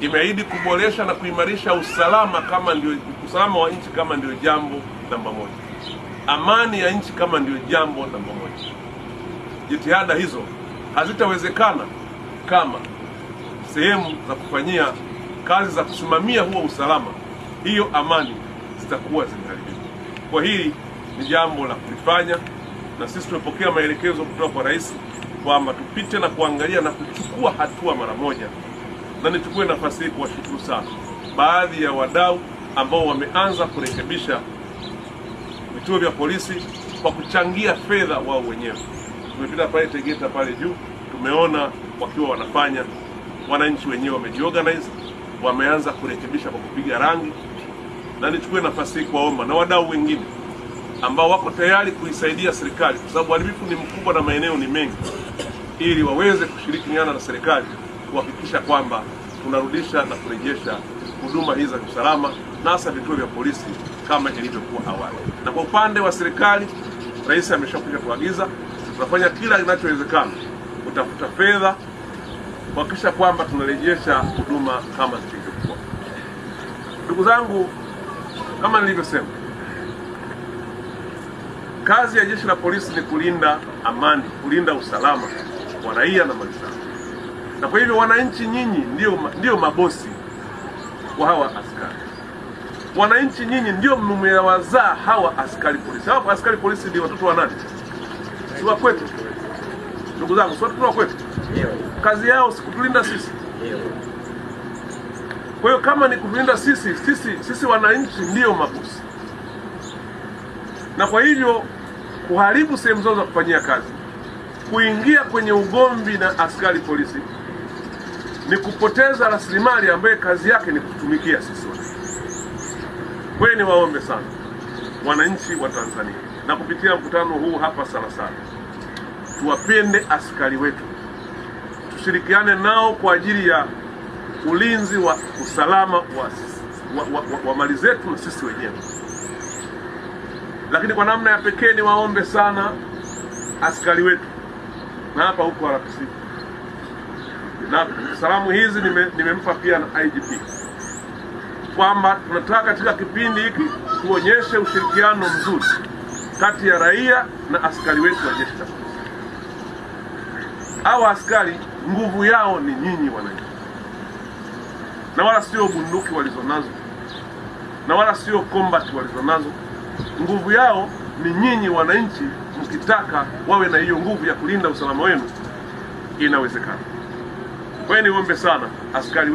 imeahidi kuboresha na kuimarisha usalama kama ndio usalama wa nchi kama ndio jambo namba moja, amani ya nchi kama ndio jambo namba moja. Jitihada hizo hazitawezekana kama sehemu za kufanyia kazi za kusimamia huo usalama, hiyo amani zitakuwa zimeharibika. Kwa hili ni jambo la kulifanya, na sisi tumepokea maelekezo kutoka kwa rais kwamba tupite na kuangalia na kuchukua hatua mara moja na nichukue nafasi hii kuwashukuru sana baadhi ya wadau ambao wameanza kurekebisha vituo vya polisi kwa kuchangia fedha wao wenyewe. Tumepita pale Tegeta pale juu, tumeona wakiwa wanafanya, wananchi wenyewe wamejiorganize, wameanza kurekebisha kwa kupiga rangi, na nichukue nafasi hii kuwaomba na wadau wengine ambao wako tayari kuisaidia serikali, kwa sababu uharibifu ni mkubwa na maeneo ni mengi, ili waweze kushirikiana na serikali kuhakikisha kwamba tunarudisha na kurejesha huduma hizi za kiusalama na hasa vituo vya polisi kama ilivyokuwa awali. Na kwa upande wa serikali, rais ameshakwisha kuagiza, tunafanya kila kinachowezekana kutafuta fedha kuhakikisha kwamba tunarejesha huduma kama zilivyokuwa. Ndugu zangu, kama nilivyosema, kazi ya jeshi la polisi ni kulinda amani, kulinda usalama wa raia na mali zao na kwa hivyo wananchi nyinyi ndio, ndio mabosi wa hawa askari. Wananchi nyinyi ndio mmewazaa hawa askari polisi. Hawa askari polisi ni watoto wa nani? Si wa kwetu ndugu zangu, si watoto wa kwetu. Kazi yao si kutulinda sisi. Kwa hiyo kama ni kutulinda sisi, sisi, sisi wananchi ndiyo mabosi, na kwa hivyo kuharibu sehemu zao za kufanyia kazi, kuingia kwenye ugomvi na askari polisi ni kupoteza rasilimali ambaye kazi yake ni kutumikia sisi wote. Kweni waombe sana wananchi wa Tanzania na kupitia mkutano huu hapa Salasala, tuwapende askari wetu, tushirikiane nao kwa ajili ya ulinzi wa usalama wa, wa, wa, wa, wa mali zetu na sisi wenyewe. Lakini kwa namna ya pekee ni waombe sana askari wetu na hapa huko RPC na salamu hizi nimempa nime pia na IGP kwamba tunataka katika kipindi hiki tuonyeshe ushirikiano mzuri kati ya raia na askari wetu wa jeshi la Hawa askari nguvu yao ni nyinyi wananchi, na wala sio bunduki walizonazo, na wala sio kombati walizonazo. Nguvu yao ni nyinyi wananchi, mkitaka wawe na hiyo nguvu ya kulinda usalama wenu inawezekana. Wewe ni uombe sana, askari wewe